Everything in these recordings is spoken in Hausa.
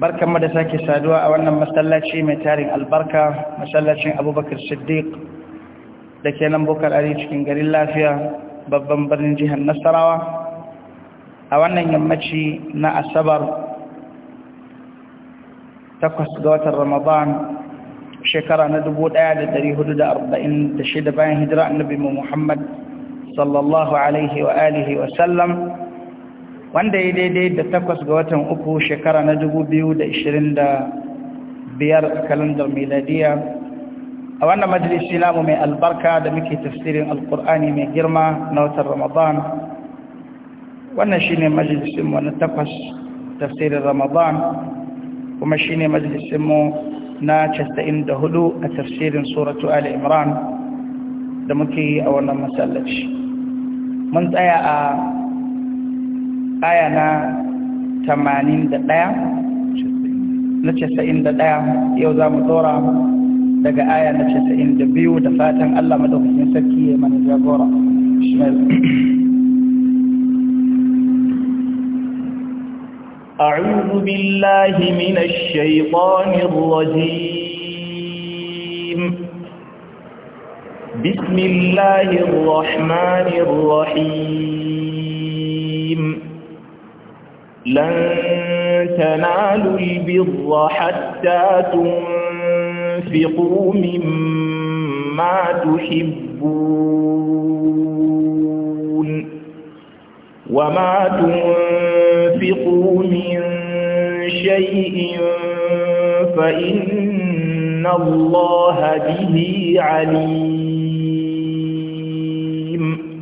barkanmu da sake saduwa a wannan masallaci mai tarin albarka masallacin abubakar siddiq da ke nan bukar ari cikin garin lafiya babban birnin jihar nasarawa a wannan yammaci na asabar takwas ga watan ramadan shekara na dubu da da da hudu arba'in shida bayan hijira annabi muhammad sallallahu alaihi wa alihi wa sallam wanda ya daidai da takwas ga watan uku shekara na dubu biyu da da biyar a kalandar miladiya a wannan majalisi namu mai albarka da muke tafsirin alkur'ani mai girma na watan ramadan wannan shine majalisinmu na takwas tafsirin ramadan kuma shine majalisinmu na da hudu a tafsirin suratu ali imran da muke yi a wannan masallaci mun tsaya a aya na 81 na 91 yau za mu dora daga aya na 92 da fatan Allah madaukakin sarki ya mana jagora أعوذ بالله من الشيطان الرجيم بسم الله الرحمن الرحيم لن تنالوا البر حتى تنفقوا مما تحبون وما تنفقوا من شيء فإن الله به عليم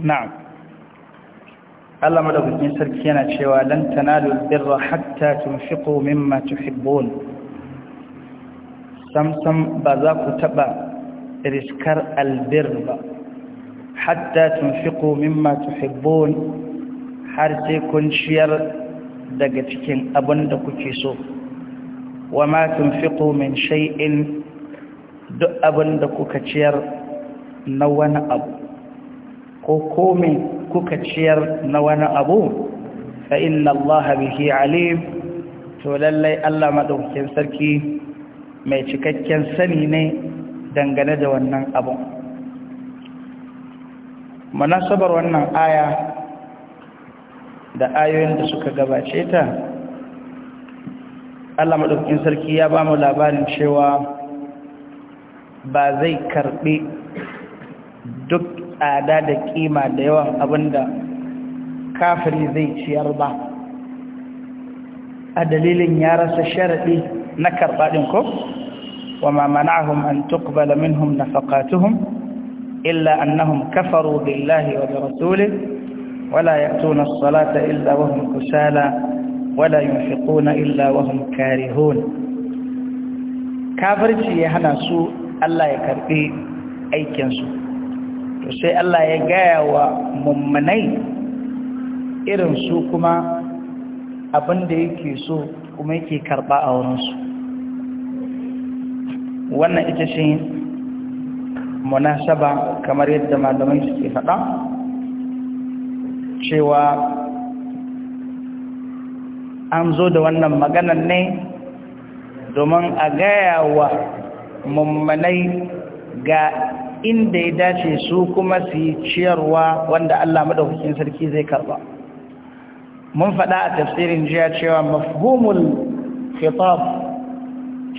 نعم Allah madaukakin sarki yana cewa lan tanalu birra hatta tunfiqu mimma tuhibbun samsam ba za ku taba riskar albir ba hatta tunfiqu mimma tuhibbun har sai kun ciyar daga cikin abin da kuke so wa ma tunfiqu min shay'in duk abin da kuka ciyar na wani abu ko komai kuka ciyar na wani abu fa inna allaha bihi alim to lallai Allah madaukakin sarki mai cikakken sani ne dangane da wannan abu munasabar wannan aya da ayoyin da suka gabace ta Allah madaukakin sarki ya ba mu labarin cewa ba zai karɓi duk tsada da kima da yawan abin kafiri zai ciyar ba a dalilin ya rasa sharaɗi na karɓaɗin ko wa ma an tuqbala minhum nafaqatuhum illa annahum kafaru billahi wa bi rasulihi ولا يأتون الصلاة إلا وهم كسالى ولا ينفقون karihun وهم كارهون كافرتي يهنا سوء الله يكربي أي كنسو to sai Allah ya gaya wa mummunai irin su kuma abin da yake so kuma yake karba a wurinsu wannan ita ce munasaba kamar yadda malamai suke faɗa cewa an zo da wannan maganan ne domin a gaya wa mummunai ga inda ya dace su kuma su yi ciyarwa wanda Allah madaukakin sarki zai karba mun faɗa a tafsirin jiya cewa mafhumul khitab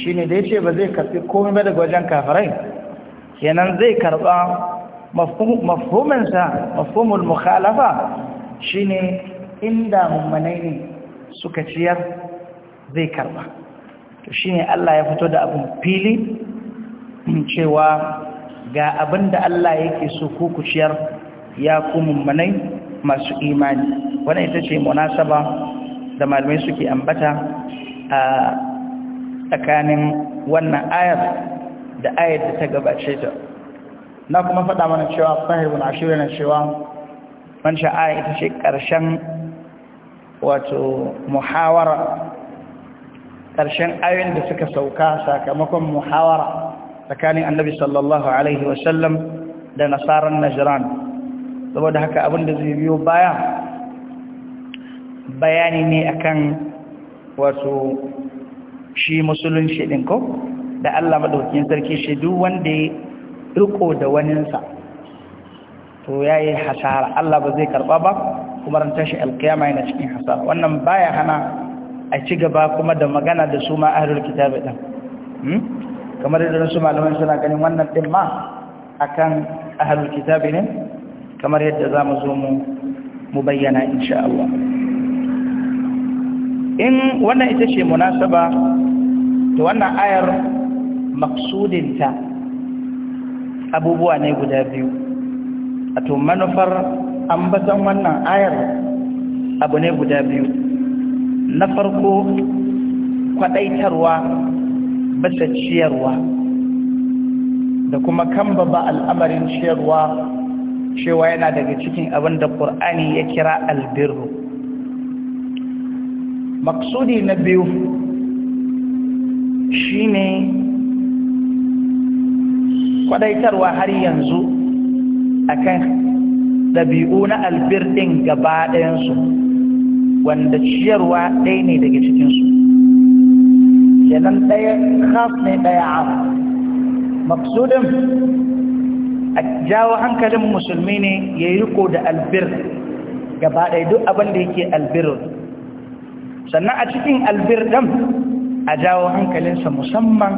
shine da yace ba zai karbi komai ba daga wajen kafirai kenan zai karba mafhumin sa mafhumul mukhalafa shine inda mummanai ne suka ciyar zai karba to shine Allah ya fito da abun fili cewa ga abin da Allah yake so ku ku ya ku mummunai masu imani wannan ita ce munasaba da malamai suke ambata a tsakanin wannan ayar da ayar da ta gabace ta na kuma faɗa mana cewa na ashirin na cewa wancan ayar ita ce ƙarshen wato muhawara ƙarshen ayoyin da suka sauka sakamakon muhawara tsakanin annabi sallallahu alaihi wasallam da nasaran najran saboda haka abin da zai biyo baya bayani ne akan wato shi musulunci din ko da Allah madaukakin sarki shi duk wanda ya riko da waninsa to yayi hasara Allah ba zai karba ba kuma ran tashi alkiyama yana cikin hasara wannan baya hana a ci gaba kuma da magana da su ma ahlul kitabi din hmm? kamar yadda wasu malaman suna ganin wannan din ma akan ahlul kitabi ne kamar yadda zamu zo mu mu bayyana insha Allah in wannan ita ce munasaba to wannan ayar maksudinta abubuwa ne guda biyu a to manufar ambatan wannan ayar abu ne guda biyu na farko kwadaitarwa Mata ciyarwa da kuma kan ba al'amarin ciyarwa cewa yana daga cikin abin da ƙur'ani ya kira albirru maksudi na biyu shine kwadaitarwa har yanzu akan ɗabi'u na albirɗin ɗin gaba ɗayansu wanda ciyarwa ɗaya ne daga cikinsu kenan ɗaya khas ne ɗaya am maksudin a jawo hankalin musulmi ne ya yi riko da albir gaba ɗaya duk abin da yake albirul sannan a cikin albir ɗan a jawo hankalinsa musamman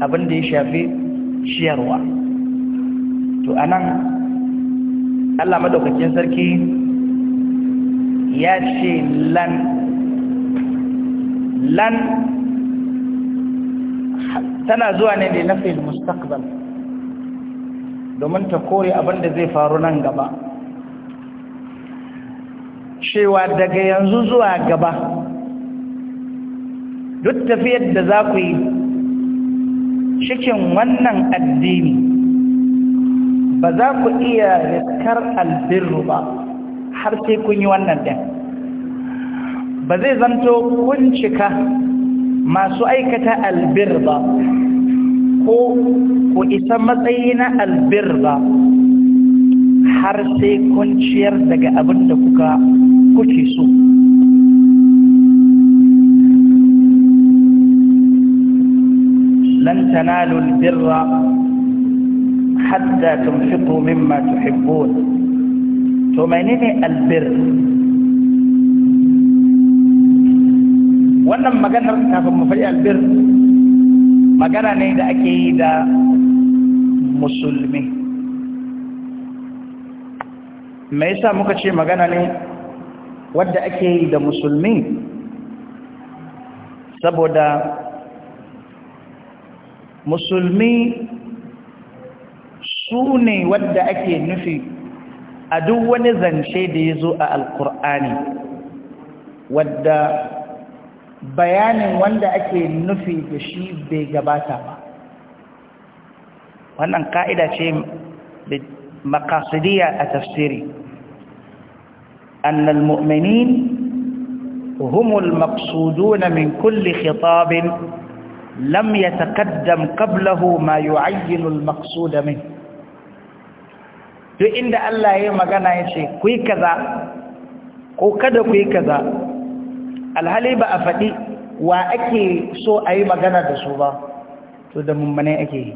abin da ya shafi ciyarwa to a nan allah maɗaukakin sarki ya ce lan lan tana zuwa ne na fil mustaqbal domin ta kore abin da zai faru nan gaba cewa daga yanzu zuwa gaba duk tafiyar da za ku yi cikin wannan addini ba za ku iya rikar albirru ba har sai kun yi wannan ɗin ba zai zanto kun cika masu aikata albir ba ko ku isa matsayi na albir ba har sai kun ciyar daga abin da kuka kuke so lan tanalu albirra hatta tunfiqu mimma tuhibbun to menene albir wannan maganar kafin mu faɗi albir magana ne da ake yi da musulmi me yasa muka ce magana ne wadda ake yi da musulmi saboda musulmi su ne wadda ake nufi a duk wani zance da ya zo a alkur'ani wadda bayanin wanda ake nufi da shi bai gabata ba wannan ka'ida ce maqasidiyya a tafsiri annal mu'minin humul هم min kulli كل lam yataqaddam qablahu ma yu'ayyinu al maqsuda min duk inda Allah ya magana yace ce ku yi kaza ko kada ku yi kaza alhali ba a faɗi wa ake so a yi magana da su ba to da mummane ake yi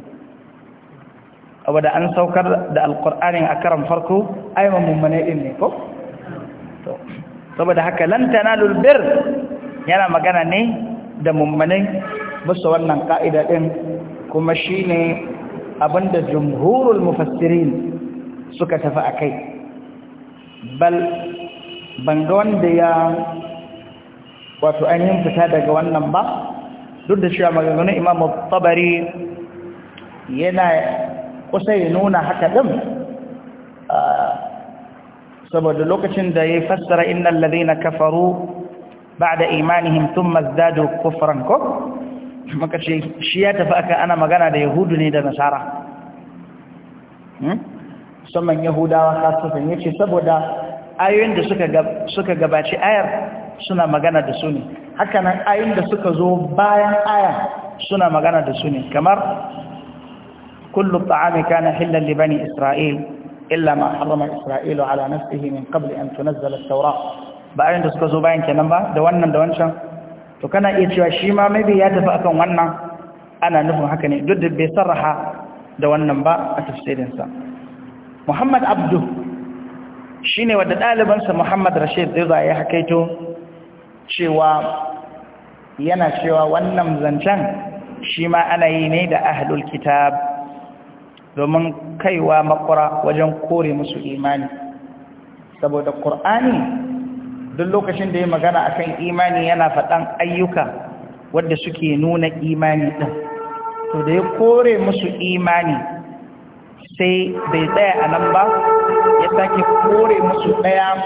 abu da an saukar da alkur'anin a karan farko aiman mummane ɗin ne ko? to saboda haka lantana lulbir yana magana ne da mummane basu wannan ka'ida ɗin kuma shi ne abinda jumhurul mufassirin suka tafi a kai bal banga wanda ya wato ainihin fita daga wannan ba duk da cewa maganganun imamu tabari yana kusa ya nuna haka ɗin saboda lokacin da ya fassara innan na kafaru ba da imanihim tun mazdado kufran ko maka ce shi ya tafi aka ana magana da yahudu ne da nasara hmm? musamman yahudawa kasufin ya ce saboda ayoyin da suka gabaci ayar suna magana da su ne haka nan ayin da suka zo bayan aya suna magana da su ne kamar kullu ta'ami kana hillan li bani isra'il illa ma harrama isra'ilu ala nafsihi min qabl an tunzala at-taura ba ayin da suka zo bayan kenan ba da wannan da wancan to kana iya cewa shi ma maybe ya tafi akan wannan ana nufin haka ne duk da bai sarraha da wannan ba a tafsirinsa Muhammad Abdu shine wadda ɗalibansa Muhammad Rashid Riza ya hakaito cewa yana cewa wannan zancen shi ma ana yi ne da ahlul kitab domin kaiwa makura wajen kore musu imani saboda ƙur'ani duk lokacin da ya magana akan imani yana faɗan ayyuka wadda suke nuna imani ɗin to da ya kore musu imani sai bai tsaya a nan ba ya sake kore musu ɗaya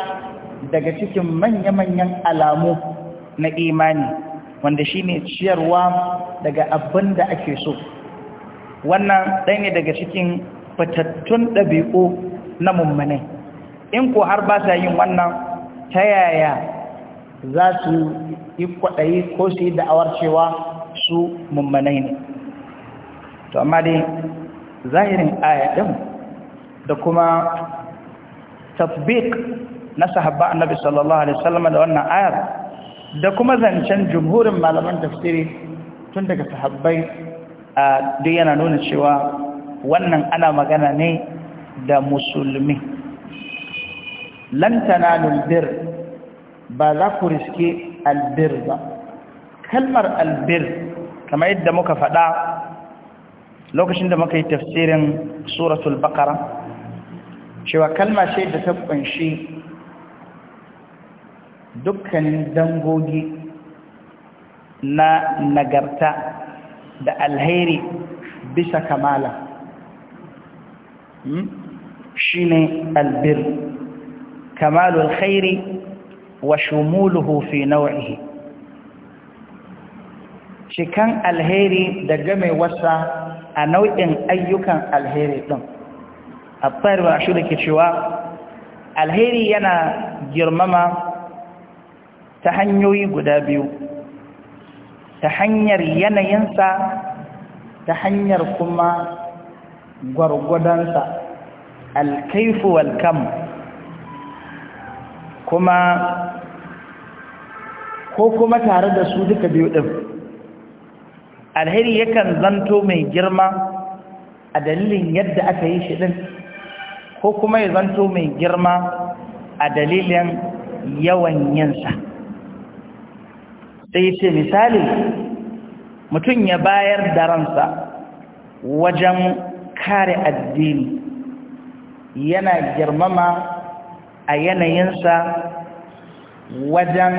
daga cikin manya-manyan alamu na imani wanda shi ne ciyarwa daga abin da ake so wannan ɗaya ne daga cikin fitattun ɗabi'u na mummane in ko har ba sa yin wannan ta yaya za su yi kwaɗayi ko su yi da'awar cewa su mummane ne to amma dai zahirin ayatun da kuma tafbik na sahaba annabi sallallahu alaihi wasallam da wannan ayar da kuma zancen jumhurin malaman tafsiri tun daga sahabbai a duk yana nuna cewa wannan ana magana ne da musulmi lantana lulbir ba za ku riske albir ba kalmar albir kamar yadda muka faɗa lokacin da muka yi tafsirin suratul bakara cewa kalma ce da ta ƙunshi dukkanin dangogi na nagarta da alheri bisa kamala hmm? shi ne albir kamalu alheri wa shumuluhu fi nau'ihi cikan alheri da game wasa a nau'in ayyukan alheri ɗin a tsarwa shi da ke cewa alheri yana girmama ta hanyoyi guda biyu ta hanyar yanayinsa ta hanyar kuma gwargwadonsa alkaifu walkam kuma ko kuma tare da su duka biyu ɗin alheri yakan zanto mai girma a dalilin yadda aka yi shi ɗin ko kuma ya zanto mai girma a dalilin yawan yinsa sai ce misali mutum ya bayar da ransa wajen kare addini yana girmama a yanayinsa wajen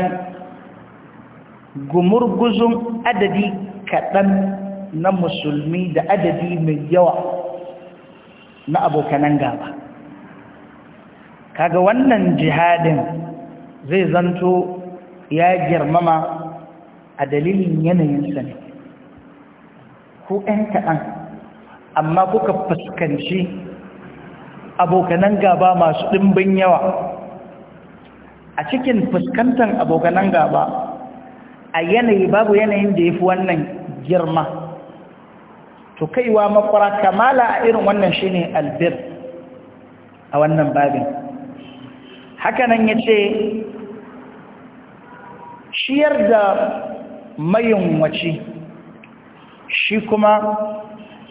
gumurguzun adadi kaɗan na musulmi da adadi mai yawa na abokanan gaba kaga wannan jihadin zai zanto ya girmama a dalilin yanayinsa ne ko ‘yan kaɗan amma kuka fuskanci abokanan gaba masu ɗimbin yawa a cikin fuskantar abokanan gaba a yanayi babu yanayin da ya fi wannan girma to kaiwa makwara kamala a irin wannan shi ne albir a wannan babin hakanan ya ce shiyar da Mayin wace shi kuma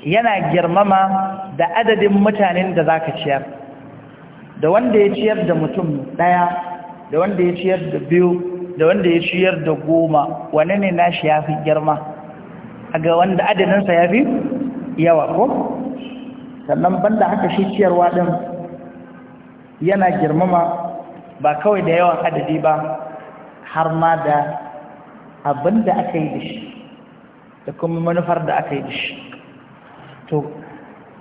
yana girmama da adadin mutanen da za ka ciyar da wanda ya ciyar da mutum ɗaya da wanda ya ciyar da biyu da wanda ya ciyar da goma wane ne nashi ya fi girma a ga wanda adadinsa ya fi yawa ko sannan banda haka shi ciyarwa ɗin yana girmama ba kawai da yawan adadi ba har ma da abin da aka yi da shi da kuma manufar da aka yi da shi to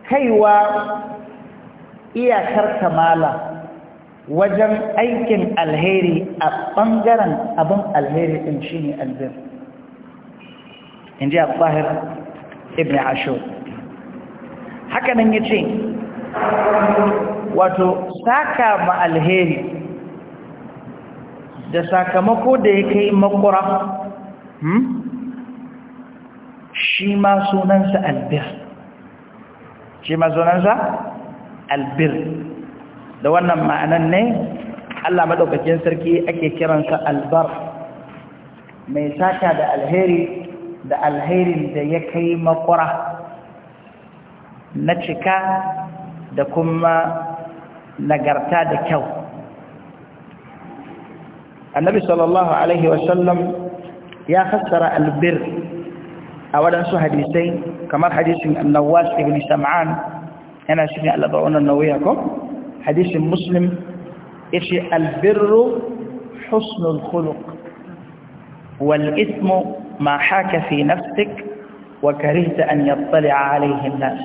kaiwa iyakar kamala wajen aikin alheri a ɓangaren abin alheri ɗin shi ne albir in ji abahir ibn asho hakanan ya ce wato saka ma alheri da sakamako da ya kai makura Hmm? shi ma sunansa albir shi ma sunansa albir da wannan ma'anan ne Allah maɗaukakin sarki ake kiransa albar mai sata da alheri da alherin da ya kai makwara na cika da kuma nagarta da kyau annabi sallallahu alaihi wasallam ya fassara albir a waɗansu hadisai kamar hadisin annawas ibn sam'an yana shi ne al'adawunan nauyi ko hadisin muslim ya ce albirru husnul khuluq والإثم ما حاك في نفسك وكرهت أن يطلع عليه الناس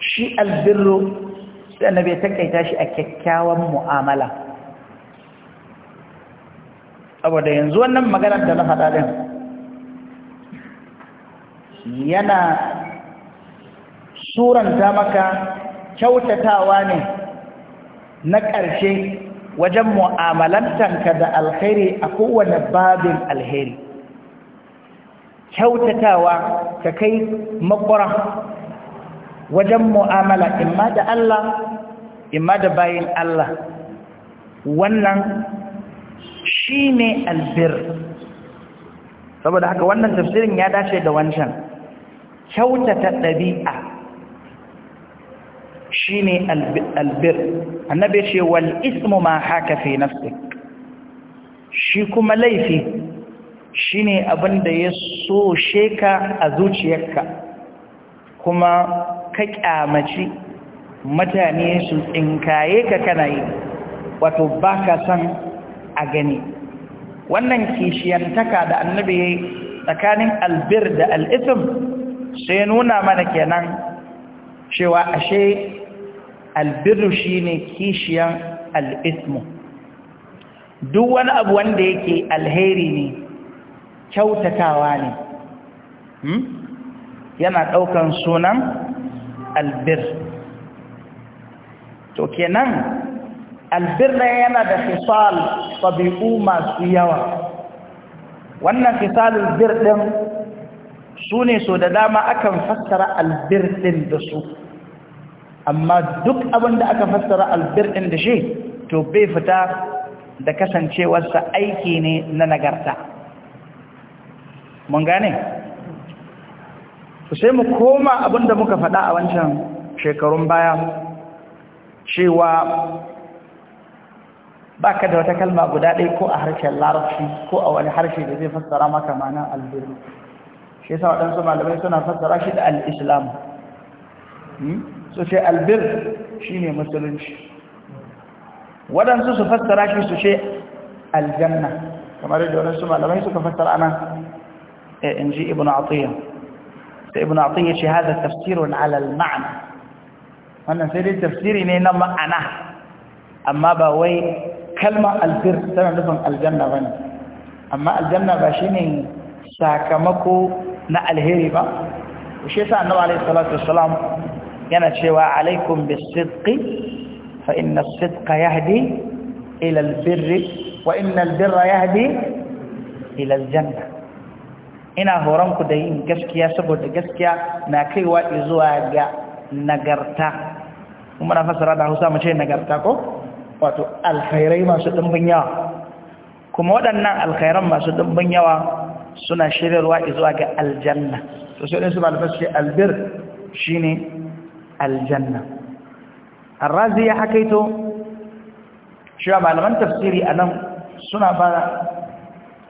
شيء البر النبي تكيتا شيء ككاوى مؤاملة saboda yanzu wannan maganar da na faɗa ɗin yana suranta maka kyautatawa ne na ƙarshe wajen mu'amalantanka da alheri a kowane babin alheri kyautatawa ka kai makwara wajen mu'amala imma da Allah imma da bayin Allah wannan shi ne albir saboda haka wannan tafsirin ya dace da wancan kyautata ɗabi'a shi ne albir annabi ce wal ismu ma haka fi nafsik shi kuma laifi shi ne da ya so sheka a zuciyarka kuma ka kyamaci mutane su tsinkaye ka kana yi wato ba ka san a gani wannan kishiyantaka da annabi ya yi tsakanin albir da al'isim sai nuna mana kenan cewa ashe albiru shi ne kishiyan al'ismu duk wani abu wanda yake alheri ne kyautatawa ne hmm? yana ɗaukan sunan albir to kenan Albirra yana da fisal tabi'u masu yawa wannan fisalin bir sune su ne so da dama akan fassara albirɗin da su amma duk abinda aka fassara albirɗin da shi to bai fita da kasancewarsa aiki ne na nagarta mun gane sai mu koma abin da muka faɗa a wancan shekarun baya cewa baka da wata kalma guda ɗaya ko a harshen larabci ko a wani harshe da zai fassara maka ma'anar albirru shi yasa waɗansu malamai suna fassara shi da al-islam so sai albir shine musulunci waɗansu su fassara shi su ce aljanna kamar yadda waɗansu malamai suka fassara ana in ji ibn atiyya sai ibn atiyya ce haza tafsirun alal ma'ana wannan sai dai tafsiri ne na ma'ana amma ba wai kalmar albir tana nufin aljanna ba ne amma aljanna ba shi ne sakamako na alheri ba shi sa annabi alaihi salatu wassalam yana cewa alaikum bisidqi fa inna as-sidqa yahdi ila al wa inna al yahdi ila ina horon ku da yin gaskiya saboda gaskiya na kaiwa zuwa ga nagarta kuma na fasara da Hausa mace nagarta ko wato alkhairai masu ɗumbin yawa kuma waɗannan alkhairan masu ɗumbin yawa suna shiryarwa zuwa ga aljanna to sai su malafas ce albir shine aljanna arrazi ya hakaito shi malaman tafsiri anan suna ba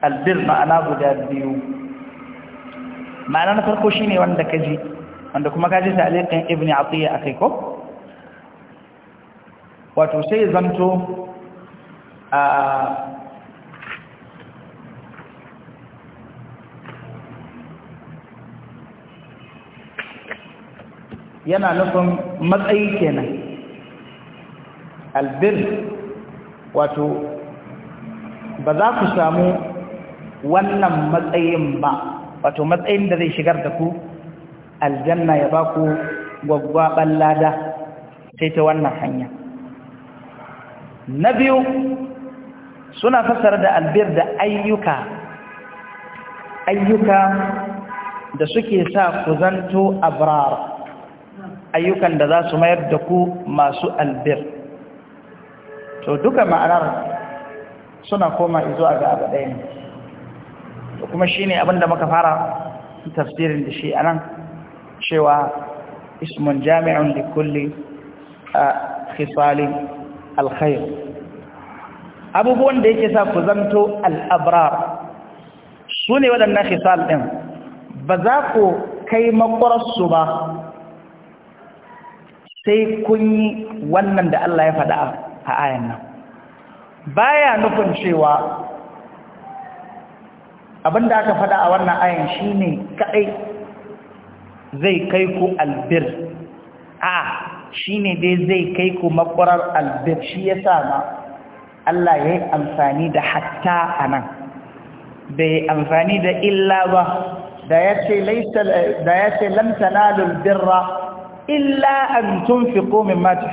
albir ma'ana guda biyu ma'ana na farko shine wanda kaji wanda kuma kaji ta alikan ibni atiya akai ko wato sai zanto a yana nufin matsayi kenan albir wato ba za ku samu wannan matsayin ba wato matsayin da zai shigar da ku aljanna ya ba ku gwaggwaɓar lada sai ta wannan hanyar. na biyu suna fassara da albir da ayyuka ayyuka da suke sa ku zanto abrar ayyukan da za su mayar da ku masu albir to duka ma'anar suna koma izo a gaba ɗaya ne to kuma shine abinda muka fara tafsirin da shi anan cewa ismun jami'un likulli a khisalin alkhair abubuwan da yake sa ku zanto al'abrar su ne waɗannan hisal ɗin ba za ku kai makwararsu ba sai kun yi wannan da Allah ya faɗa a ayan nan baya nufin cewa abinda aka faɗa a wannan ayan shine kaɗai zai kai ku albir a shine dai zai kai ku makwarar albir shi ya sama Allah ya yi amfani da hatta a nan bai amfani da illa ba da ya ce lamtana lulbirra illa an tun fi komin mata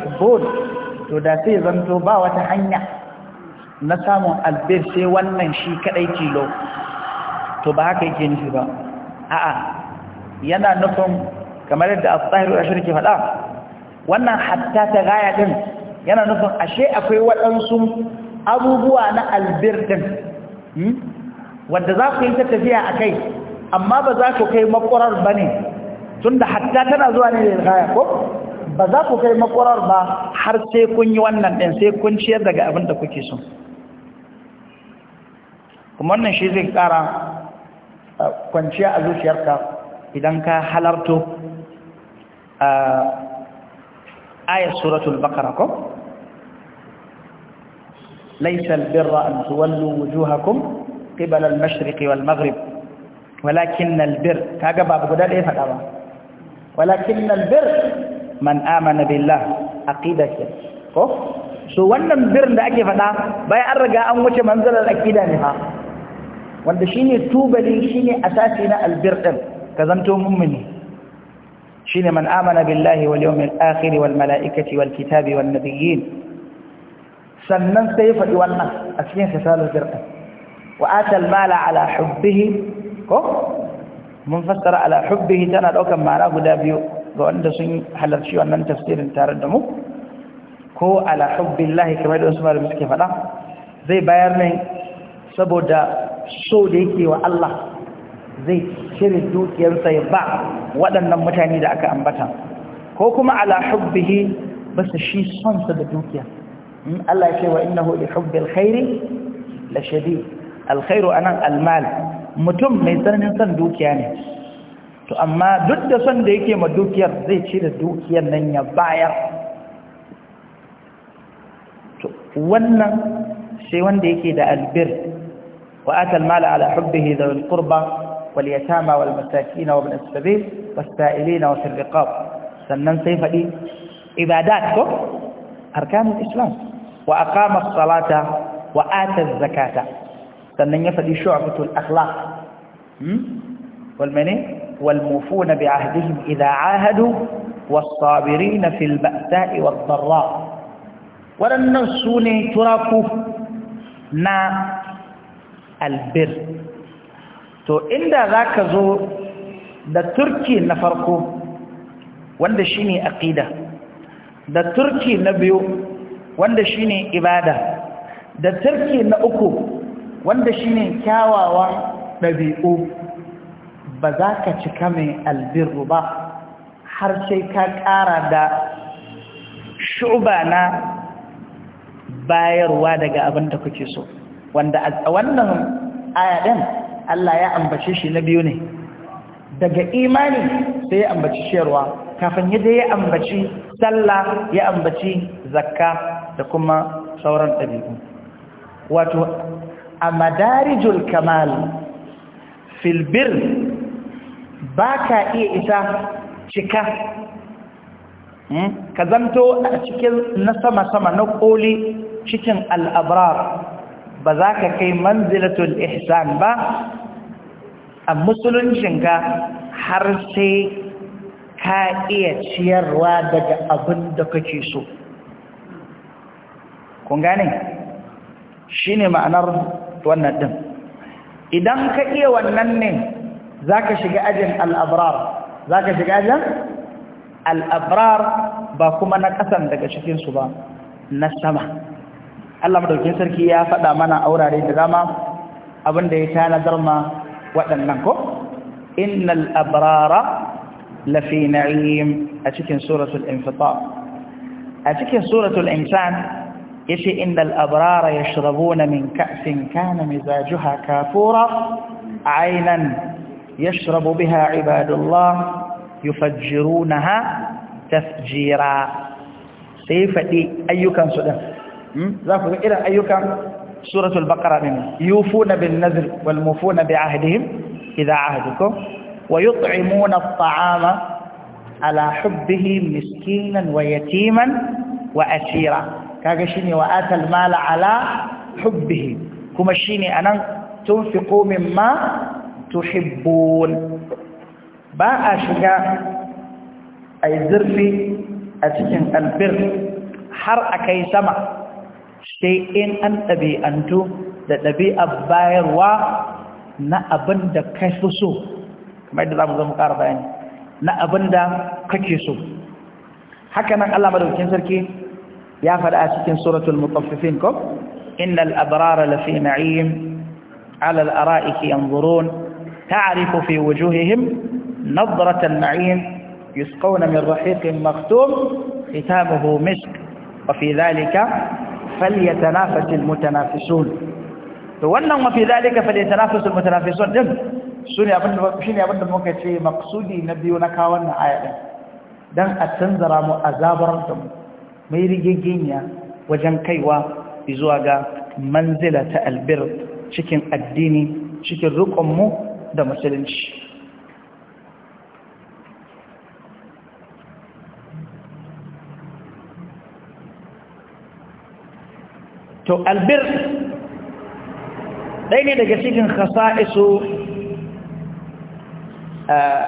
to da sai zanto ba wata hanya na samun albir wannan shi kadai kilo to ba haka yake nufi ba a'a yana nufin kamar yadda a tsahiru a shirki faɗa wannan hatta ta gaya din yana nufin ashe akwai waɗansu abubuwa na albirdin hmm? wadda za ku yi ta tafiya a kai amma ba za ku kai makwarar ba ne tun da hatta tana zuwa ne da gaya ko ba za ku kai makwarar ba har sai kun yi wannan ɗin sai kun ciyar daga abin da kuke so kuma wannan shi zai ƙara uh, kwanciya a zuciyarka idan ka halarto uh, Aya suratul baqara ko laysa albirra an tuwallu wujuhakum qibala al-mashriqi wal-maghrib walakin albir kaga babu guda ɗaya faɗa ba walakin albir man amana billah aqidati ko so wannan birin da ake faɗa bayan an riga an wuce manzalar aqida ne fa wanda shine tubali shine asasi na albir din ka zanto mummuni shine man amana billahi wal yawmil akhir wal mala'ikati wal kitabi wan nabiyyin sannan sai faɗi wannan a cikin fisalul wa atal mala ala hubbihi ko mun fassara ala hubbihi tana daukan ma'ana guda biyu ga wanda sun halarci wannan tafsirin tare da mu ko ala hubbillahi kamar da wasu malami suke faɗa zai bayar ne saboda so da yake wa Allah zai cire dukiyarsa ya ba waɗannan mutane da aka ambata ko kuma ala hubbihi basu shi sonsa da dukiya Allah ya ce wa innahu li hubbil khairi la shadid alkhairu anan almal mutum mai tsananin son dukiya ne to amma duk da son da yake ma dukiyar zai cire dukiyar nan ya bayar to wannan sai wanda yake da albir wa atal mala ala hubbihi dhul qurba واليتامى والمساكين وابن السبيل والسائلين وفي الرقاب سنن سيف دي عباداتك اركان الاسلام واقام الصلاه واتى الزكاه سنن يفدي شعبة الاخلاق والمني والموفون بعهدهم اذا عاهدوا والصابرين في البأساء والضراء ولن نسوني تراكو نا البر to inda za ka zo da turki na farko wanda shi ne aƙida da turki na biyu wanda shi ne ibada da turki na uku wanda shi ne kyawawan ɗabi'u ba za ka cika mai albirru ba har sai ka ƙara da shuba na bayarwa daga abin da kuke so wanda a wannan ayaɗin Allah ya ambace shi na biyu ne daga imani sai ya ambaci shiyarwa kafin yadda ya ambaci sallah ya ambaci zakka da kuma sauran ɗabi'u wato a madarijul kamal filbir ba ka iya isa cika hmm? ka zanto a cikin na sama-sama na ƙoli cikin al'abrar ba za ka kai manzilatul ihsan ba a musuluncinka har sai ka iya ciyarwa daga abin da kake so kun gane shi ne ma'anar wannan ɗin idan ka iya wannan ne za ka shiga ajin al'abrar za ka shiga ajin al'abrar ba kuma na ƙasan daga cikinsu ba na sama Allah madaukakin sarki ya fada mana a wurare da dama abin da ya tanadar ma waɗannan ko innal abrara lafi na'im a cikin suratul infitar a cikin suratul insan yace innal abrara yashrabuna min ka'sin kana mizajuha kafura aynan yashrabu biha ibadullah yufajjirunaha tafjira sai faɗi ayyukansu ɗin za ku ga irin ayyukan suratul baqara din yufuna bin nadhr wal mufuna bi ahdihim idha ahdukum wa yut'imuna at-ta'ama ala hubbihi miskinan wa yatiman wa asira kaga shine wa atal mala ala hubbihi kuma shine anan tunfiqu mimma tuhibbun ba a shiga ay zurfi a cikin albir har akai sama sai in an ɗabi'antu da ɗabi'ar bayarwa na abin da ka fi so kamar yadda za mu zama ƙara bayani na abin da kake so haka nan Allah madaukakin sarki ya faɗa a cikin suratul mutaffifin ko innal abrara lafi na'im ala al-ara'iki yanzurun ta'rifu fi wujuhihim نظرة النعيم يسقون من رحيق مختوم ختامه مسك وفي ذلك falyatanafasul mutanafisun to wannan wa fi zalika falyatanafasul mutanafisun din shine abin da shine abin da muka ce maksudi na biyu na kawo wannan aya din dan a tanzara mu azabar da mu mai rigegeniya wajen kaiwa zuwa ga manzila ta albir cikin addini cikin rukunmu da musulunci to albir ɗaya ne daga cikin khasa'isu eh, eh,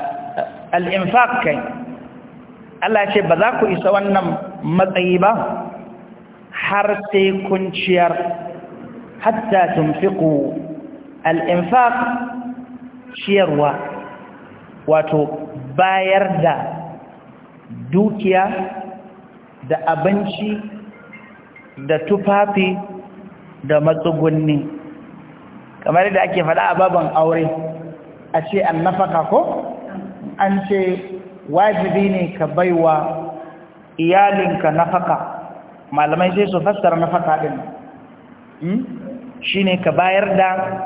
al'infaq kai Allah ce ba za ku isa wannan matsayi ba har sai kun ciyar hatta tunfiku al'infaq ciyarwa wato bayar da dukiya da abinci da tufafi da matsugunni kamar da ake faɗa a baban aure a ce an nafaka ko an ce wajibi ne ka baiwa iyalinka nafaka malamai sai su fassara nafaka ɗin hmm? shi ka bayar da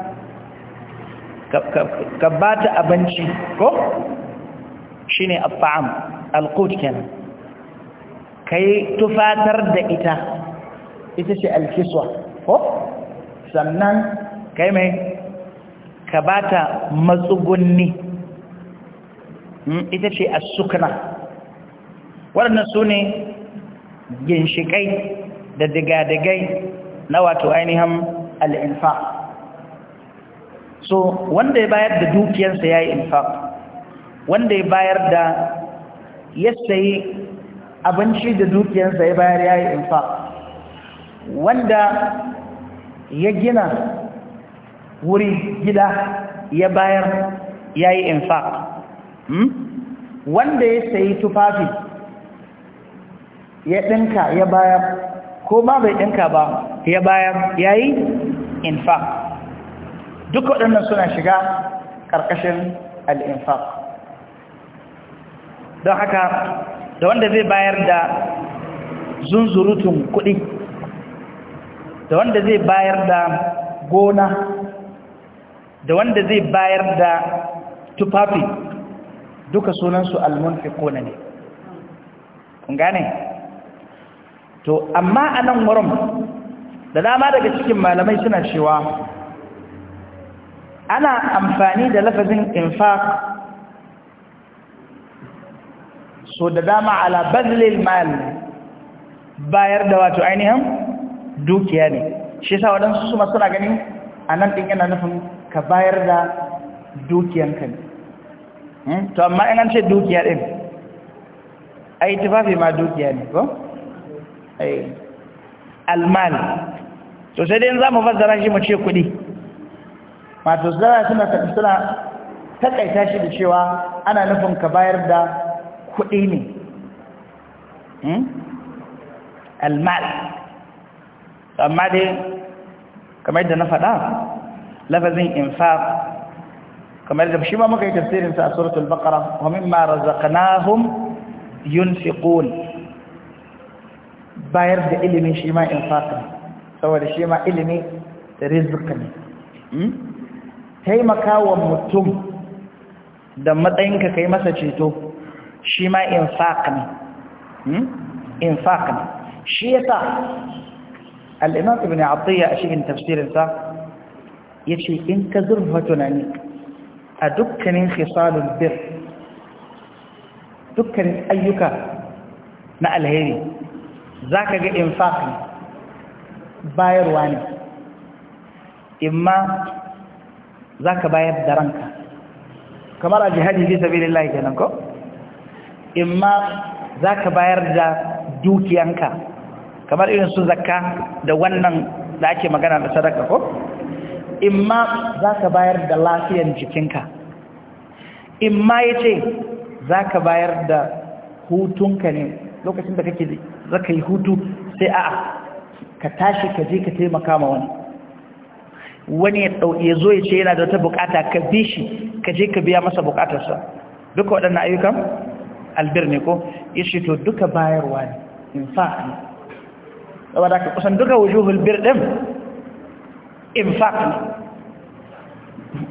ka ba ta abinci ko shi ne alfa'am alkut kenan ka yi tufatar da ita ita ce alkiswa ko sannan kai mai ka matsugunni hmm, ita ce asukna waɗannan su ne ginshiƙai da digadigai na wato ainihin al'infa so wanda ya bayar da dukiyarsa ya yi infa wanda ya bayar da ya sayi abinci da dukiyarsa ya bayar ya yi infa wanda ya gina wuri gida ya bayar ya yi infaq hmm? wanda ya sayi tufafi ya ɗinka ya bayar ko ma bai ɗinka ba ya bayar ya yi infaq duk waɗannan suna shiga ƙarƙashin al'infaq don haka da wanda zai bayar da zunzurutun kuɗi da wanda zai bayar da gona da wanda zai bayar da tufafi duka sunansu kona ne kun gane to amma a nan wurin da dama daga cikin malamai suna cewa ana amfani da lafazin infaq so da dama ala bazlil mal bayar da wato ainihin dukiya ne shi yasa waɗansu su suna ganin a nan ɗin yana nufin ka bayar da dukiyanka ne hmm? to amma in an ce dukiya ɗin ai tufafi ma dukiya ne ko? ai almal to sai dai za mu fassara shi mu ce kuɗi masu zara suna suna takaita shi da cewa ana nufin ka bayar da kuɗi ne hmm? almal amma dai kamar da na faɗa lafazin infaq kamar da shi ma muka yi tafsirin sa a suratul baqara wa mimma razaqnahum yunfiqun bayar da ilimi shi ma infaq saboda shi ma ilimi rizqa ne hmm? taimakawa mutum da matsayinka kai masa ceto shi ma infaq ne hmm? infaq ne shi yasa al'imam ibn atiyya a cikin tafsirinsa ya ce in ka zurfa tunani a dukkanin khisalul bir dukkanin ayyuka na alheri za ka ga infaq bayarwa ne imma za ka bayar da ranka kamar a jihadi fi sabi lillahi za ka bayar da dukiyanka kamar irin su zakka da wannan da ake magana da sadaka ko imma za ka bayar da lafiyan jikinka imma ya ce za ka bayar da hutunka ne lokacin da kake za ka yi hutu sai a'a ka tashi ka je ka taimaka ma wani wani ya zo ya ce yana da wata bukata ka bi shi ka je ka biya masa bukatarsa duka waɗannan ayyukan albir ne ko ya ce to duka bayarwa ne in fa'a saboda ka kusan duka wujuhul bir din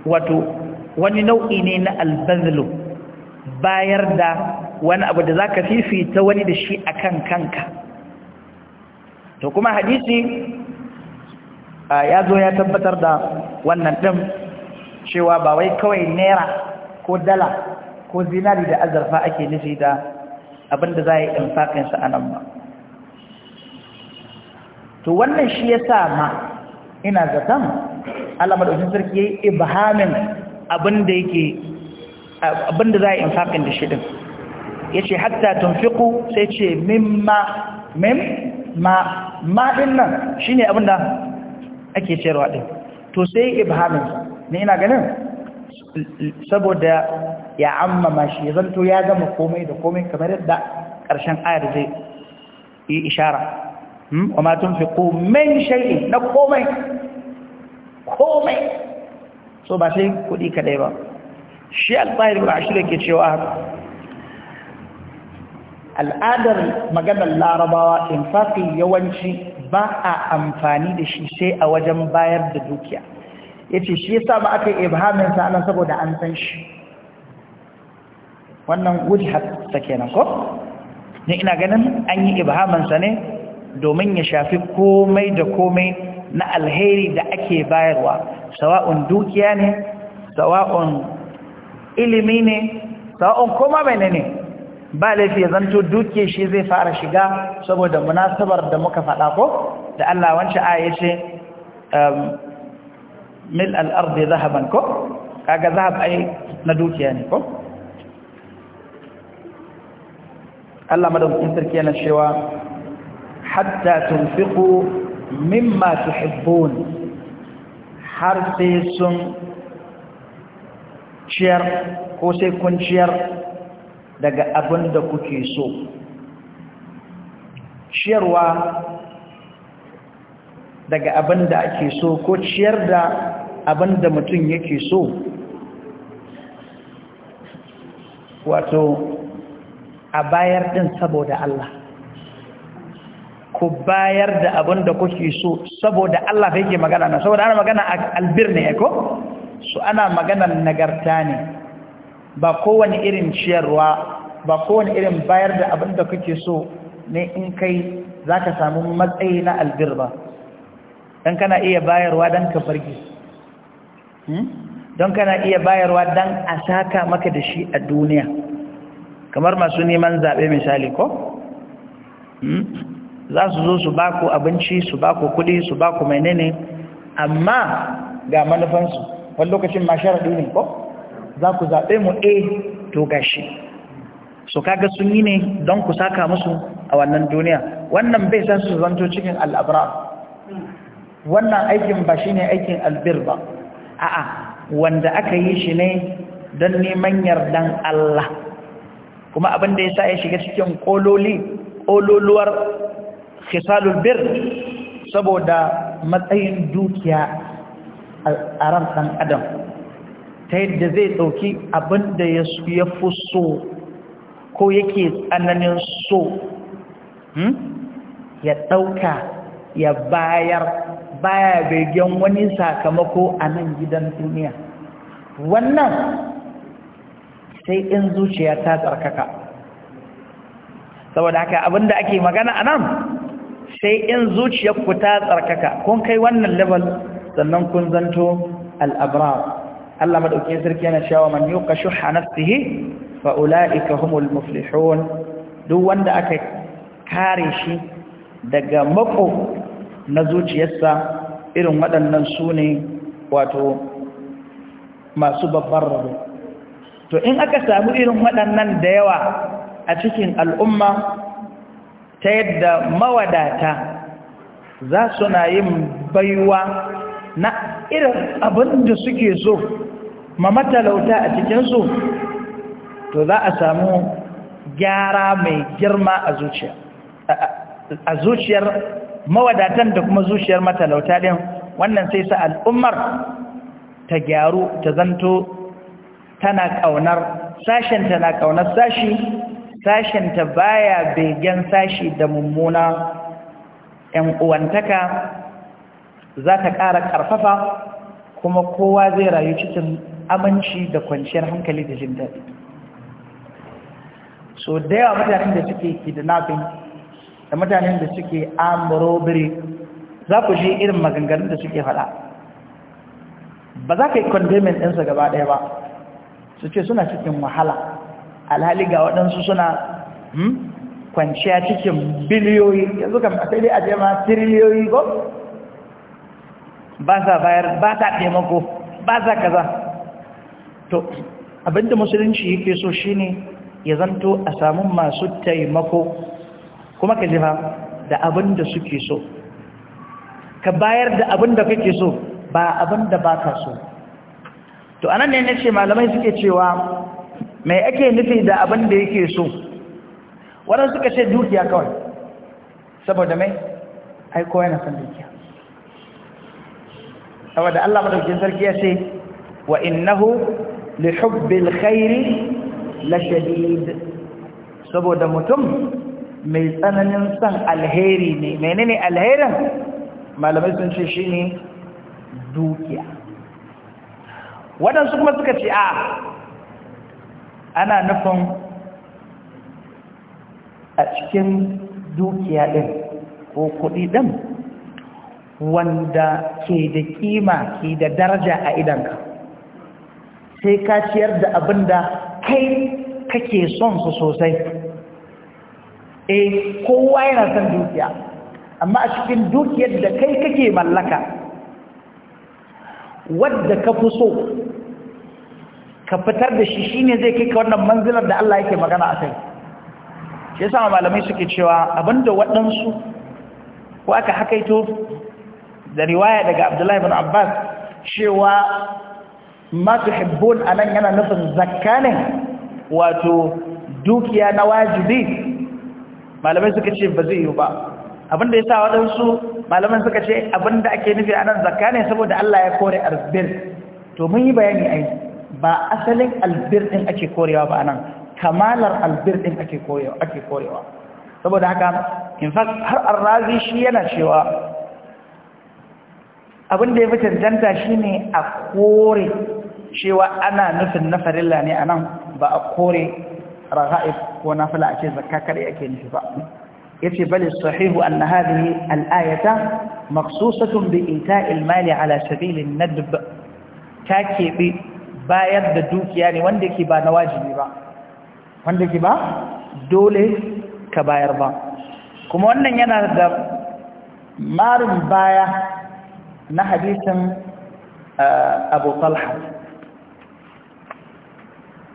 wato wani nau'i ne na albazlu bayar da wani abu da zaka fifita wani da shi akan kanka to kuma hadisi ya zo ya tabbatar da wannan din cewa ba wai kawai naira ko dala ko zinari da azurfa ake nufi da abinda za a yi infakinsa a nan ba to wannan shi ya sa ma ina zaton Allah madaukin sarki yayi ibhamin abinda yake abinda za a yi infaqin da shi din yace hatta tunfiqu sai ce mimma mim ma ma din nan shine abinda ake cewa din to sai ibhamin ne ina ganin saboda ya amma shi zanto ya gama komai da komai kamar yadda karshen ayar zai yi ishara Hmm? wa ma tunfiqu min shay'in na komai komai so ba sai kudi kadai ba shi al bayr ibn ashir yake cewa al'adar maganar larabawa infaqi yawanci ba a amfani da shi sai a wajen bayar da dukiya yace shi yasa ba aka yi ibhamin sa nan saboda an san shi wannan wujhat sa kenan ko ne ina ganin an yi ibhamin sa ne domin ya shafi komai da komai na alheri da ake bayarwa sawa'un dukiya ne sawa'un ilimi ne sawa'un koma mai ne ba laifi ya zanto dukiya shi zai fara shiga saboda munasabar da muka faɗa ko da Allah wancan aya ya ce um, mil al'ardi zahaban ko kaga zahab ai na dukiya ne ko Allah madaukakin sarki yana cewa Hadda hatta tunfiqu mimma tuhibbun har sai sun ciyar ko sai kun ciyar daga abin kuke so ciyarwa daga abin ake so ko ciyar da abin da mutum yake so wato a bayar din saboda Allah ku bayar da abin da kuke so saboda Allah fa yake magana na saboda ana magana albir ne ko su ana magana nagarta ne ba kowane irin ciyarwa ba kowane irin bayar da abin da kuke so ne in kai zaka samu matsayi na albir ba dan kana iya bayarwa dan ka farki hmm? don kana iya bayarwa dan a saka maka da shi a duniya kamar masu neman zaɓe misali ko hmm? za su zo su ba ku abinci su ba ku kuɗi su ba ku menene amma ga manufansu wani lokacin ma sharaɗi ne ko za ku zaɓe mu a eh, to gashi su kaga sun yi ne don ku saka musu a wannan duniya wannan bai san su zanto cikin al'abra wannan aikin ba shi ne aikin albir ba a'a wanda aka yi shi ne don neman yardan Allah kuma abin da ya sa ya shiga cikin kololi kololuwar khisalul bir saboda matsayin dukiya a ran ɗan adam ta yadda zai ɗauki abin da ya fi so ko yake tsananin so hmm? ya ɗauka ya bayar baya begen wani sakamako a nan gidan duniya wannan sai in zuciya ta tsarkaka saboda haka abinda ake magana a nan sai in zuciyarku ta tsarkaka kun kai wannan level sannan kun zanto al'abrar Allah madaukakin sarki yana cewa man yuqa shuhha nafsihi fa humul muflihun duk wanda aka kare shi daga mako na zuciyarsa irin waɗannan su ne wato masu babbar rabo to in aka samu irin waɗannan da yawa a cikin al'umma ta yadda mawadata za su na yin baiwa na irin abin da suke so ma matalauta a cikinsu to za a samu gyara mai girma a zuciyar mawadatan da kuma zuciyar matalauta ɗin wannan sai sa al'ummar ta gyaru ta zanto tana kaunar sashen tana ƙaunar sashi sashenta baya begen sashi da mummuna ‘yan uwantaka za ta ƙara ƙarfafa kuma kowa zai rayu cikin aminci da kwanciyar hankali da jin daɗi so da yawa mutanen da suke kidnapping da mutanen da suke amurobiri za ku shi irin maganganun da suke faɗa ba za ka yi condemning ɗinsa gaba ɗaya ba su ce suna cikin wahala alhali ga waɗansu suna hmm, kwanciya cikin biliyoyi yanzu kam a sai dai a ce ma tiriliyoyi ko ba sa bayar ba sa taimako ba sa kaza to abinda musulunci yake so shine ya zanto a samun masu taimako kuma ka jifa da abinda suke so ka bayar da abinda kake so ba abinda ba ka so to anan ne ne ce malamai suke cewa mai ake nufi da abin da yake so waɗansu suka ce dukiya kawai saboda mai aiko yana son dukiya saboda Allah madaukakin sarki ya ce wa innahu li hubbil khairi la shadid saboda mutum mai tsananin san alheri ne menene alherin malamai sun ce shine dukiya waɗansu kuma suka ce a ana nufin a cikin dukiya ɗin ko kuɗi ɗin wanda ke da kima ke da daraja a idanka sai ka ciyar da abin da kai kake son su sosai E, kowa yana son dukiya amma a cikin dukiyar da kai kake mallaka wadda ka fi so ka fitar da shi shine zai kai ka wannan manzilar da Allah yake magana a kai shi yasa malamai suke cewa abinda waɗansu ko aka hakaito da riwaya daga Abdullahi ibn Abbas cewa ma tuhibbun anan yana nufin zakkane, wato dukiya na wajibi malamai suka ce ba zai yi ba abinda yasa waɗansu malamai suka ce abinda ake nufi anan zakka ne saboda Allah ya kore arzbir to mun yi bayani ai ba asalin albirɗin ake korewa ba nan kamalar albirɗin ake korewa saboda haka in har arrazi shi yana cewa abin da ya fi cancanta shi ne a kore cewa ana nufin na farilla ne a nan ba a kore raga'ib ko na fila a ce zakka ake nufi ba ya ce bali sahihu an na hadini al'ayata maksusatun bi ita ilmali ala sabilin dubba, ta keɓe bayar da dukiya ne wanda ke ba na wajibi ba wanda ke ba dole ka bayar ba kuma wannan yana da marin baya na hadisin eh, abu talha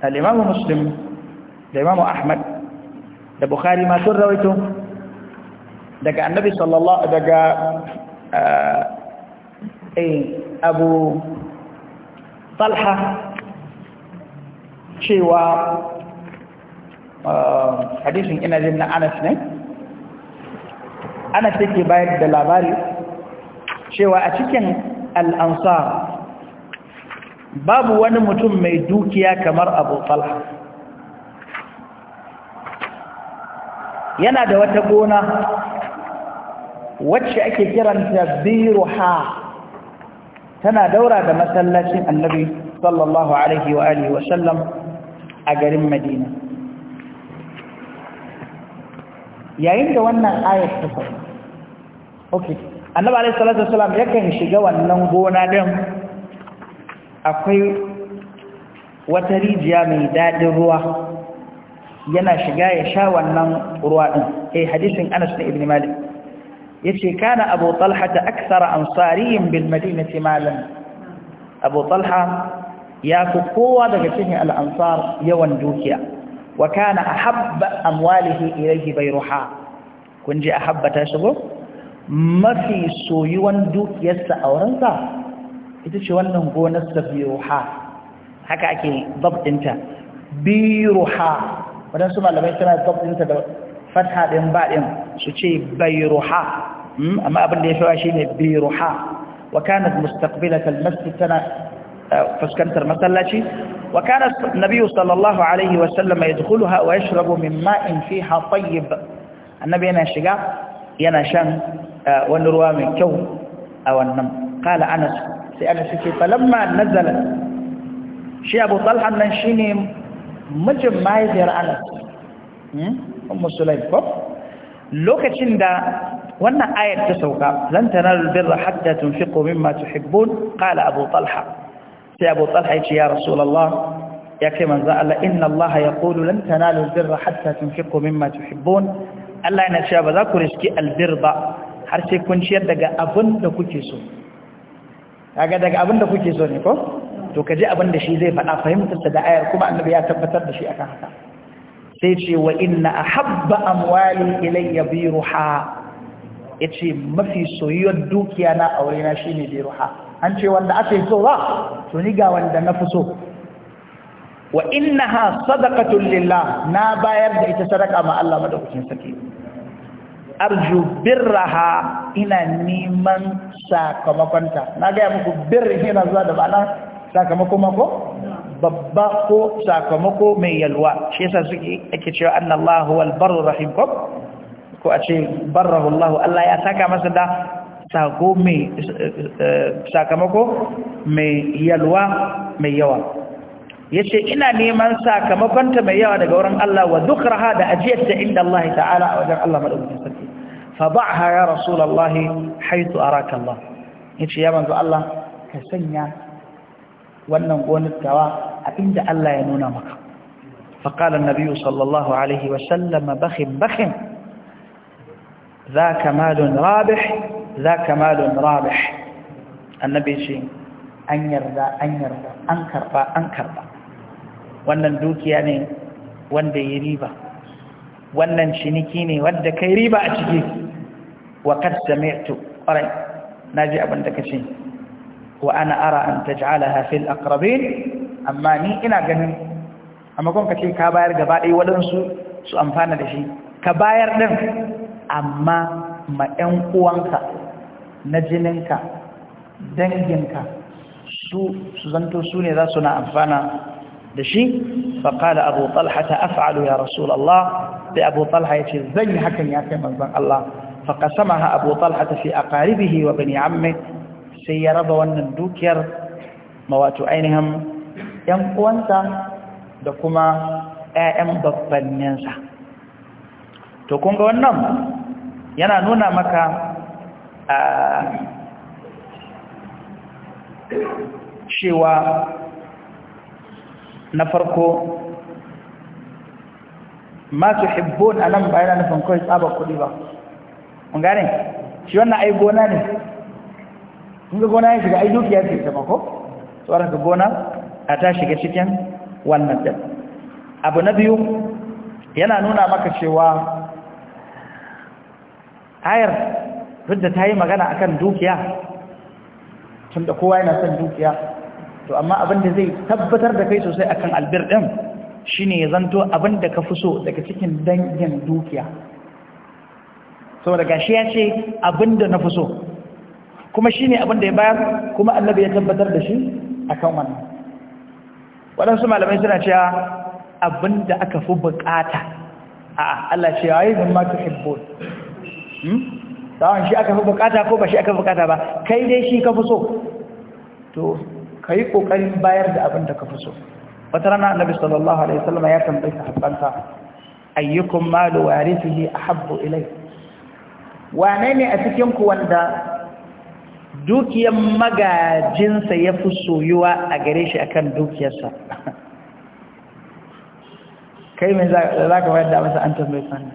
al'imamu muslim da imamu ahmad da bukari masu rawaito daga annabi sallallahu daga eh, eh, abu talha cewa uh, hadisin ina na anas ne ana yake bayar da labari cewa a cikin al'ansar babu wani mutum mai dukiya kamar abu talha yana da wata gona wacce ake kiranta ha tana daura da masallacin annabi sallallahu alaihi wa alihi wa sallam a garin madina yayin da wannan ayat ta faru okay annabi alaihi salatu wasallam yakan shiga wannan gona din akwai wata rijiya mai dadin ruwa yana shiga ya sha wannan ruwa din eh hadisin Anas ibn Malik yace kana abu talha ta aksara ansariyin bil madinati malan abu talha ya fi kowa daga cikin al'ansar yawan dukiya wa kana ahabba amwalihi ilayhi bayruha kun ji ahabba ta shigo mafi soyuwan dukiyarsa a wurinsa ita ce wannan gonarsa biyuha haka ake babdinta biyuha waɗansu malamai suna babdinta da fatha din ba din su ce bayruha amma abin da ya fiwa shine ne bayruha wa kanat mustaqbilatal masjid tana fuskantar masallaci wa kanat nabiyyu sallallahu alaihi wa sallam yadkhuluha wa yashrabu min ma'in fiha tayyib annabi yana shiga yana shan wani ruwa mai kyau a wannan qala anas sai anas ce falamma nazala shi abu talha nan shine mijin mahaifiyar anas Hmm? ummu sulaim ko lokacin da wannan ayat ta sauka lan tanalu birra hatta tunfiqu mimma tuhibbun qala abu talha sai abu talha ya ce ya rasulullah ya kai manzo Allah inna Allah yaqulu lan tanalu birra hatta tunfiqu mimma tuhibbun Allah yana cewa ba za ku riski albir ba har sai kun ciyar daga abin da kuke so kaga daga abin da kuke so ne ko to kaje abin da shi zai faɗa fahimtar da ayar kuma annabi ya tabbatar da shi akan haka sai ce wa inna habba amwali ilayya ya yace mafi soyayyar dukiya na aure na shi ne shine biruha an ce wanda aka yi so to ni ga wanda na fi so wa ha sadaka lillah na bayar da ita sadaka ma Allah madaukacin saki arju birraha ina neman sakamakonta na gaya muku birra yana zuwa da ba'ana sakamakon mako babba ko sakamako mai yalwa shi yasa suke ake cewa annallahu wal barru rahim ko ko a ce barrahu Allah Allah ya saka masa da sako mai eh, eh, sakamako mai yalwa mai yawa yace ina neman sakamakonta mai yawa daga wurin Allah wa dhukraha da ajiyarta inda Allah ta'ala a wajen Allah madaukakin sarki fa ba'ha ya rasulullahi haythu araka Allah yace ya manzo Allah ka sanya wannan gonar tawa abinda Allah ya nuna maka فقال النبي صلى الله عليه وسلم بخ بخ ذاك مال رابح ذاك مال رابح النبي shi an yarda an yarda an karba an karba wannan dukiya ne wanda ya riba wannan ciniki ne wanda kai riba a ciki wa qad sami'tu Na naji abin da ka kace wa ana ara an taj'alaha fil aqrabin amma ni ina ganin amma kun kace ka bayar gaba ɗaya wadansu su amfana da shi ka bayar din amma ma ɗan uwanka na jininka danginka su su zanto su ne za su na amfana da shi faƙala abu talha ta af'alu ya rasulallah sai abu talha ya ce zan yi hakan ya kai manzon Allah faƙasama ha abu talha ta fi a wa bani amme sai ya raba wannan dukiyar mawato ainihin ‘yan uwansa da kuma ‘ya'yan babbanninsa to kunga wannan yana nuna maka a cewa na farko masu hibbon a nan bayan nufin kawai tsabar kuɗi ba mun gane shi wannan aigona gona ne kun ga gona ya shiga ai dukiya ce ta mako tsoron ka gona a ta shiga cikin wannan din abu na biyu yana nuna maka cewa ayar da ta yi magana akan dukiya tun da kowa yana son dukiya to amma abin da zai tabbatar da kai sosai akan albir din shine ya zanto abin da ka fi so daga cikin dangin dukiya saboda gashi ya ce abin da na fi so kuma shine abin da ya bayar kuma annabi ya tabbatar da shi a kan wannan waɗansu malamai suna cewa abinda aka fi bukata a Allah ce ayi min ma tuhibbun hmm dan shi aka fi bukata ko ba shi aka fi bukata ba kai dai shi ka fi so to ka yi ƙoƙarin bayar da abinda ka fi so wata rana annabi sallallahu alaihi wasallam ya tambayi tambaye sahabbansa Ayyukun malu warithihi ahabbu ilayhi wane ne a cikinku wanda dukiyan magajinsa ya fi soyuwa a gare shi akan dukiyarsa kai mai za ka bayar da masa an tambayi sani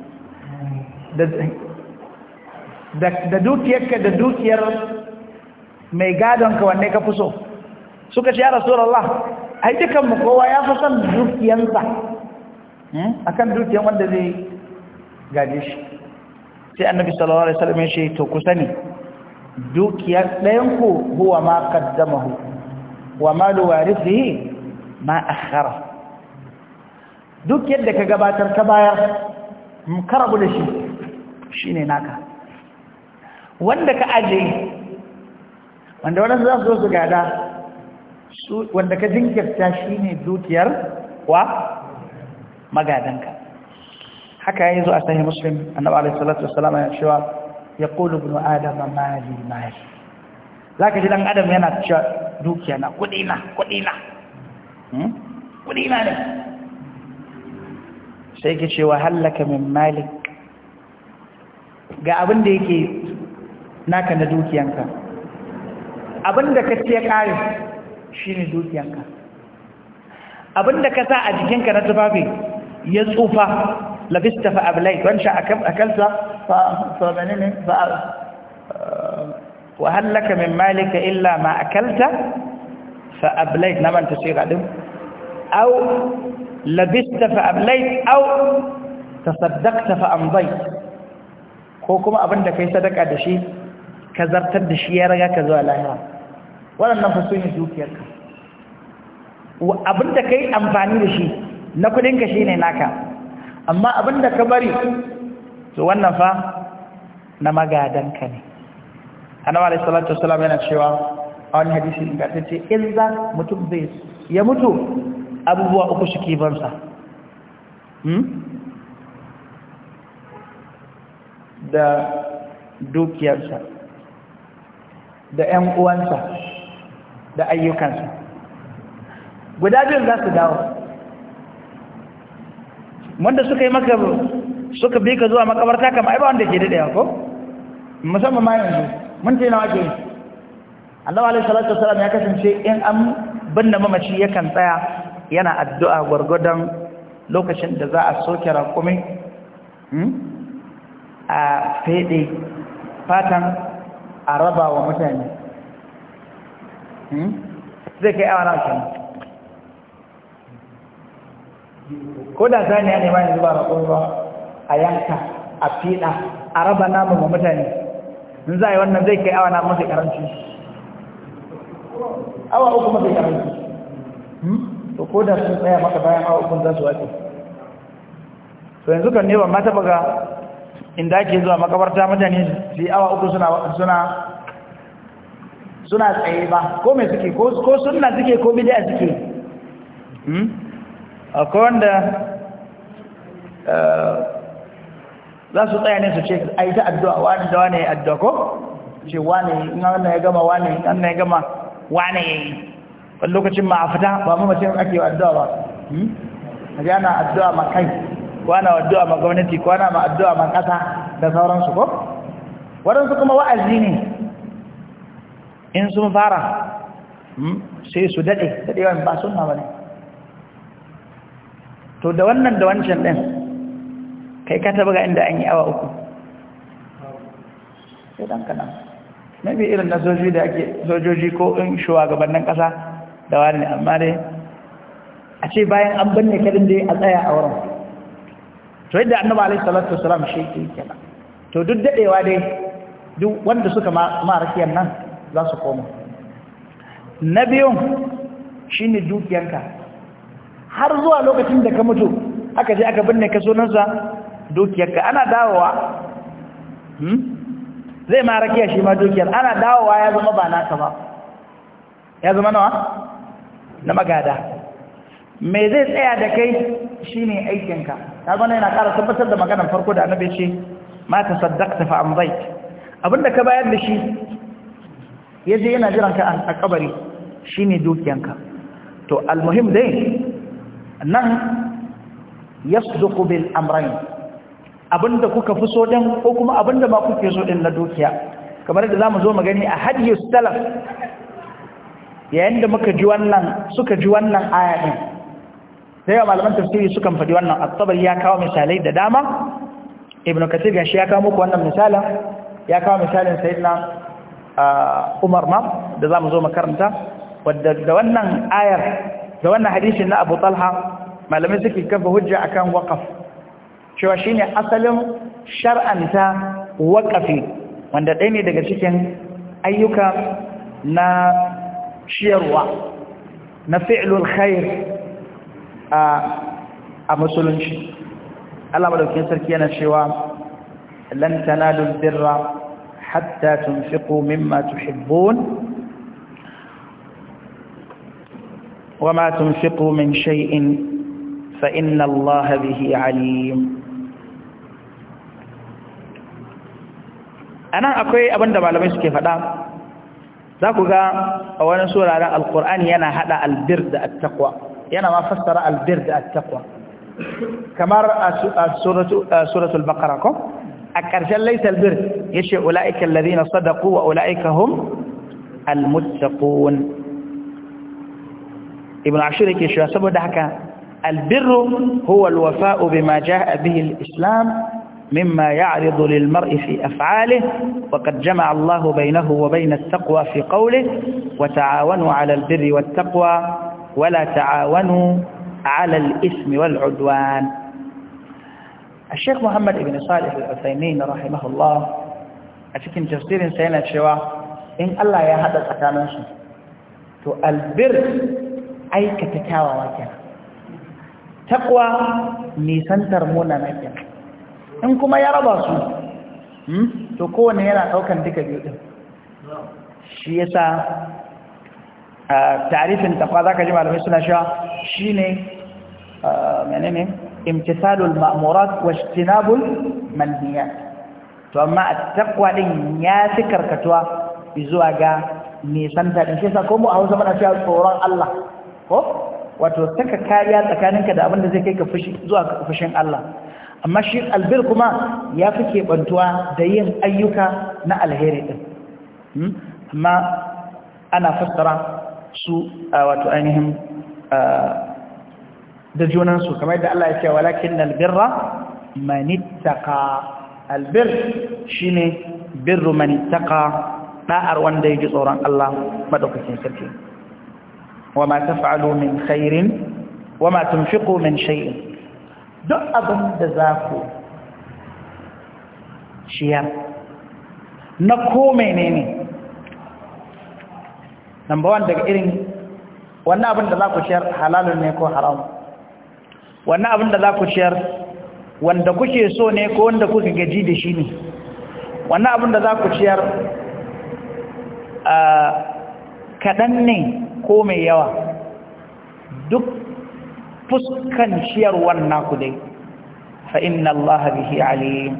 da dukiyarka da dukiyar mai gadonka wanne ka fi so suka ce ya rasulallah ai dukanmu kowa ya fi son dukiyansa hmm, akan dukiyan wanda zai gaje shi sai annabi sallallahu alaihi wasallam ya ce to ku sani dukiyar ɗayanku huwa ma kaddamahu wa malu warisihi ma akhara dukiyar da ka gabatar baya bayar karabu da shi shine naka wanda ka aje wanda wadansu za su zo su gada wanda ka jinkirta shine dukiyar wa magadanka haka yayi zo a sahih muslim annabi alaihi salatu salama ya cewa ya kolo bin adama mali mali za ka ji dan adam yana cewa dukiya na na kudi hmm? na ne sai ke cewa hallaka min mali ga abin da yake naka na dukiyanka abin da ka ce kare shi ne dukiyanka abin da ka sa a jikinka na tufafi ya tsufa labista fa ablai wancan akalta فمنين وهل لك من مالك إلا ما أكلت فأبليت نمن تشيغ عدم أو لبست فأبليت أو تصدقت فأمضيت كوكما أبن دكي صدق أدشي كزرت الدشي يرغى كذو الآخرة ولا نفسوني دوك يرغى وأبن دكي أنفاني دشي نكو دينك شيني ناكا amma abinda ka bari to wannan fa na magadanka ne annabi alaihi salatu wassalam yana cewa a wani hadisi ingantacce in za mutum zai ya mutu abubuwa uku shi hmm da dukiyar sa, da ‘yan uwansa da ayyukansa guda biyun za su dawo wanda suka yi maka suka bi ka zuwa makabarta kama ai ba wanda ke daɗewa ko musamman ma yanzu mun ce nawa ke Allah alaihi salatu wasalam ya kasance in an binne mamaci yakan tsaya yana addu'a gwargwadon lokacin da za a soke raƙumi hmm, a fede fatan a raba wa mutane hmm, zai kai awa na ko da saniya ne ma yanzu ba rakumi ba a yanka a fiɗa a raba naman wa mutane in za a yi wannan zai kai awa na mafi karanci awa uku mafi karanci hmm? to ko da sun tsaya maka bayan awa uku za su wace to yanzu kan ne ban ma taɓa ga inda ake zuwa makabarta mutane su yi awa uku suna suna suna tsaye ba ko mai suke ko suna suke ko bidiya suke hmm? akwai wanda eh, za su tsaya ne su ce a yi ta addu'a wani da wani ya addu'a ko ce wani in wannan ya gama wani in wannan ya gama wani ya yi wani lokacin ma a fita ba mu mace ake wa addu'a ba hmm? a ji ana addu'a ma kai kwana wa addu'a ma gwamnati kwana ma addu'a ma ƙasa da sauransu ko waɗansu kuma wa'azi ne in sun fara hmm, sai su daɗe daɗewa ba suna ba ne to da wannan da wancan ɗin kai ka taba ga inda an yi awa uku sai dan kanan maybe irin na sojoji da ake sojoji ko in gabanin kasa da wani amma dai a ce bayan an binne kadin da a tsaya a wurin to yadda annabi alaihi salatu wasalam shi ke kenan to duk dadewa dai duk wanda suka ma marakiyar nan za su koma na biyun shine dukiyanka har zuwa lokacin da ka mutu aka je aka binne ka sunansa dukiyarka ana dawowa hmm? zai ma rakiya shi ma dukiyar ana dawowa ya zama ba naka ba ya zama nawa na magada me zai tsaya da kai shine aikinka ta gwana yana ƙara tabbatar da maganar farko da annabi ce ma ta saddaqta fa amdai abinda ka bayar da shi yaje yana jiran ka a kabari shine dukiyanka to almuhim dai nan ya yasduqu bil amrayn abinda kuka fi so din ko kuma abinda ma kuke so din na dukiya kamar da zamu zo mu gani a hadiyus salaf yayin da muka ji wannan suka ji wannan aya din sai malaman tafsiri sukan faɗi wannan at-tabari ya kawo misalai da dama ibnu kathir gashi ya kawo muku wannan misalan ya kawo misalin sayyidina Umar ma da zamu zo makaranta wadda da wannan ayar da wannan hadisin na Abu Talha malamai suke kafa hujja akan waqaf cewa shine asalin shar'anta waƙafi wanda ɗaya ne daga cikin ayyuka na ciyarwa na fi'lul khair a a musulunci Allah madaukakin sarki yana cewa lan tanalul birra hatta tunfiqu mimma tuhibbun wama tunfiqu min shay'in fa inna Allah bihi alim a nan akwai abin da malamai suke faɗa za ku ga a wani suraren alkur'ani yana haɗa albir da attakwa yana ma fassara albir da attakwa kamar a suratul bakara ko a ƙarshen laitar bir ya ce ula'ikan lalina sadaku wa ula'ika hum almuttaqun ibn ashur yake cewa saboda haka albirru huwa alwafa'u bima ja'a bihi alislam مما يعرض للمرء في أفعاله وقد جمع الله بينه وبين التقوى في قوله وتعاونوا على البر والتقوى ولا تعاونوا على الإثم والعدوان الشيخ محمد بن صالح العثيمين رحمه الله أتكن تفسير سينا شوا إن الله يا هذا تو البر أي كتكاوى وكذا تقوى نيسان مونا مكنا in kuma ya raba su hmm, to kowane yana ɗaukan duka biyu ɗin shi yasa tarifin tafa za ka ji malamai suna sha shi ne menene imtisalul ma'amurat wa shinabul manniya to amma a takwa ɗin ya fi karkatuwa zuwa ga nisan daɗin shi yasa ko mu a hausa mana cewa tsoron Allah ko wato saka kariya tsakaninka da abin da zai kai ka fushi zuwa fushin Allah amma shi albir kuma ya fi keɓantuwa da yin ayyuka na alheri ɗin hmm? amma ana fassara su a wato ainihin da junansu kamar yadda Allah ya ce walakin albirra manittaka albir shi ne birru manittaka ɗa'ar wanda ya ji tsoron Allah maɗaukacin sarki wa ma ta fa'alu min khairin wa ma tun min shai'in duk abin da za ku ciyar na ne ne number one daga irin wannan abin da za ku ciyar halalun ne ko haram wannan abin da za ku ciyar wanda kuke so ne ko wanda kuka gaji da shi ne wannan abin da za ku ciyar ah, kaɗan ne ko mai yawa duk fuskan ciyarwar naku dai fa inna allaha bihi alim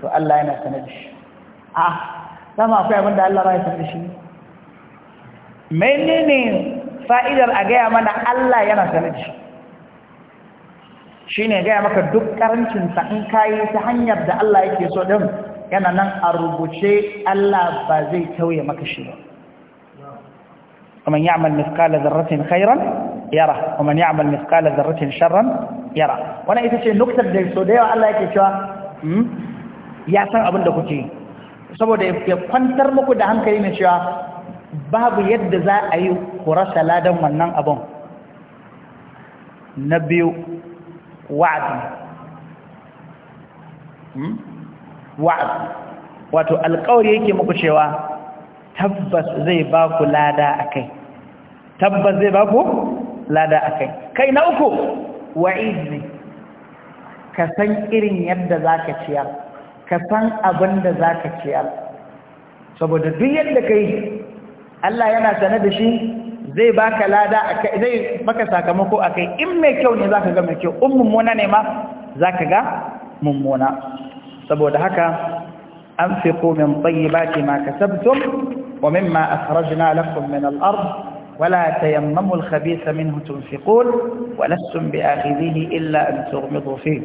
to Allah yana sanar da shi ah sama akwai abin da Allah ba ya sanar da shi menene fa'idar a gaya mana Allah yana sanar da shi shine gaya maka duk karancin sa in kai ta hanyar da Allah yake so din yana nan a rubuce Allah ba zai tauye maka shi ba ومن يعمل مثقال ذرة خيرا yara kuma ni amal mithqala zarratin sharran yara wannan ita ce nuktar da so da yawa Allah yake cewa hmm? ya san abin da kuke saboda ya kwantar muku da hankali mai cewa babu yadda za a yi kurasa ladan wannan abin na biyu wa'adi hmm? wa'adi wato alkawari yake muku cewa tabbas zai ba ku lada a tabbas zai ba ku lada a kai kai na uku wa'izi ka san irin yadda za ka ciyar ka san abin da za ka ciyar saboda duk yadda ka yi Allah yana sane da shi zai baka lada a kai zai maka sakamako a kai in mai kyau ne za ka ga mai kyau in mummuna ne ma za ka ga mummuna saboda haka an أنفقوا من wa min ma ومما أخرجنا لكم من الأرض ولا تيمموا الخبيث منه تنفقون ولستم بآخذيه إلا أن تغمضوا فيه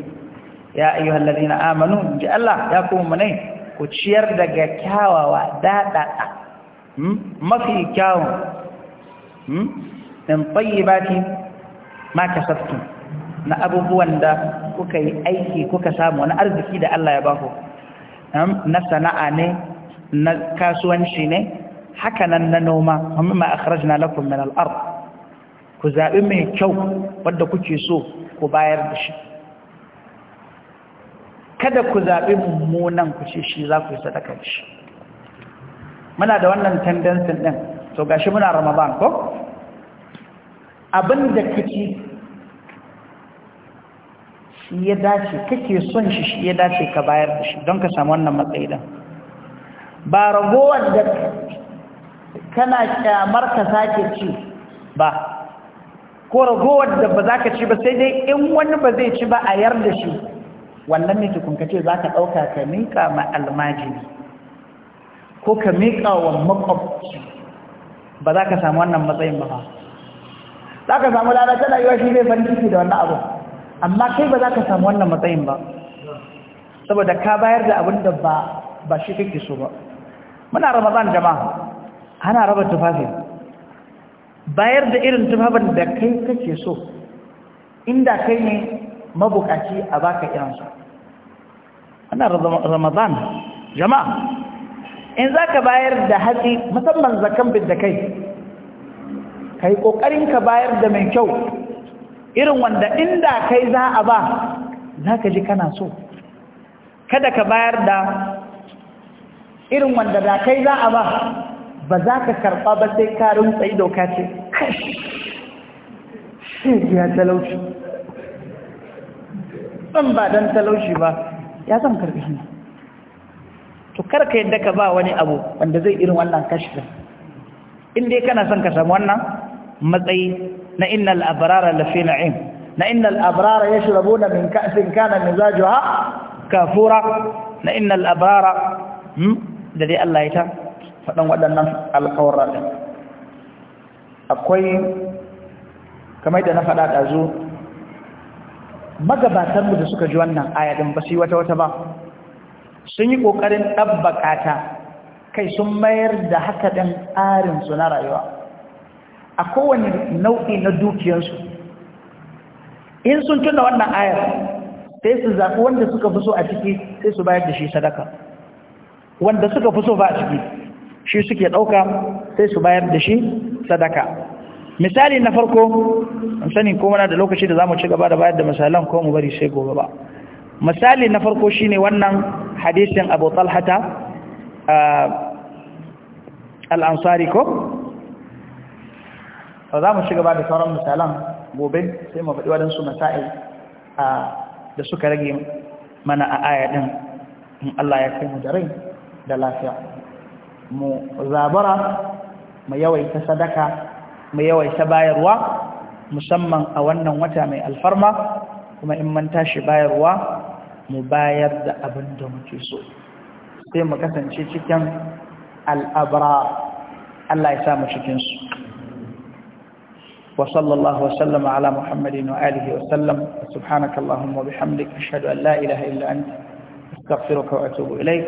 يا أيها الذين آمنوا ان الله يقوم مني كتشير دقا كاوا ودادا ما في كاوا من طيبات ما كسبتم نا ابو da كوكاي ايكي كوكا سامو samu wani دا الله Allah ya baku na sana'a ne Hakanan na noma amma akhrajna lakum min al-ard ku zabi mai kyau wanda kuke so ku bayar da shi kada ku zabi mummunan ku ce shi za ku yi sadaka shi muna da wannan tendency din to gashi muna ramadan ko abinda kici shi ya dace kake son shi shi ya dace ka bayar da shi don ka samu wannan matsayi din ba ragowar da kana kyamar ka sake ci ba ko ragowar da ba za ka ci ba sai dai in wani ba zai ci ba a yarda shi wannan ne ce za ka ɗauka ka miƙa ma almajini ko ka miƙa wa makwabci ba za ka samu wannan matsayin ba za ka samu lada tana yi wa shi zai farin ciki da wannan abu amma kai ba za ka samu wannan matsayin ba saboda ka bayar da abin da ba shi kake so ba muna ramadan jama'a Ana raba tufafin bayar da irin tufafin da kai kake so inda kai ne mabukaci a baka irinsu ana ramadan jama'a in za ka bayar da hatsi musamman zakan bin da kai ka yi ƙoƙarin ka bayar da mai kyau irin wanda inda kai za a ba za ka ji kana so kada ka bayar da irin wanda da kai za a ba ba za ka karɓa ba sai karin tsaye doka ce ya talauci ɗan ba don talauci ba ya zan karɓi hana to karka yadda ka ba wani abu wanda zai irin wannan kashi ɗin inda kana son ka samu wannan matsayi na innal abrara lafi na'im na ya shirabu na min ka'asin kafura na innal abrara hmm, da dai Allah ya ta faɗan waɗannan alƙawarraɗin akwai kamar da na faɗa zo magabatanmu da suka ji wannan ayyadin ba su yi wata wata ba sun yi ƙoƙarin ɗabbaƙa ta kai sun mayar da haka ɗin tsarinsu na rayuwa a kowane nau'i na dukiyarsu in sun tuna wannan ayar sai su zafi wanda suka fi so a ciki sai su bayar da shi sadaka wanda suka fi so ba a ciki shi suke ɗauka sai su bayar da shi sadaka misali na farko sani ko muna da lokaci da za ci gaba da bayar da misalan ko mu bari sai gobe ba misali na farko shine wannan hadisin abu al ah, al'ansari ko za mu ci gaba da sauran misalan gobe sai mu faɗi wadansu masai ah, da suka rage mana a aya in Allah ya kai mu da rai da lafiya mu zabara mu yawaita sadaka mu yawaita bayarwa musamman a wannan wata mai alfarma kuma in man tashi bayarwa mu bayar da abin da muke so sai mu kasance cikin al'abra Allah ya samu cikinsu وصلى الله وسلم على محمد وآله وسلم سبحانك اللهم وبحمدك أشهد أن لا إله إلا أنت استغفرك وأتوب إليك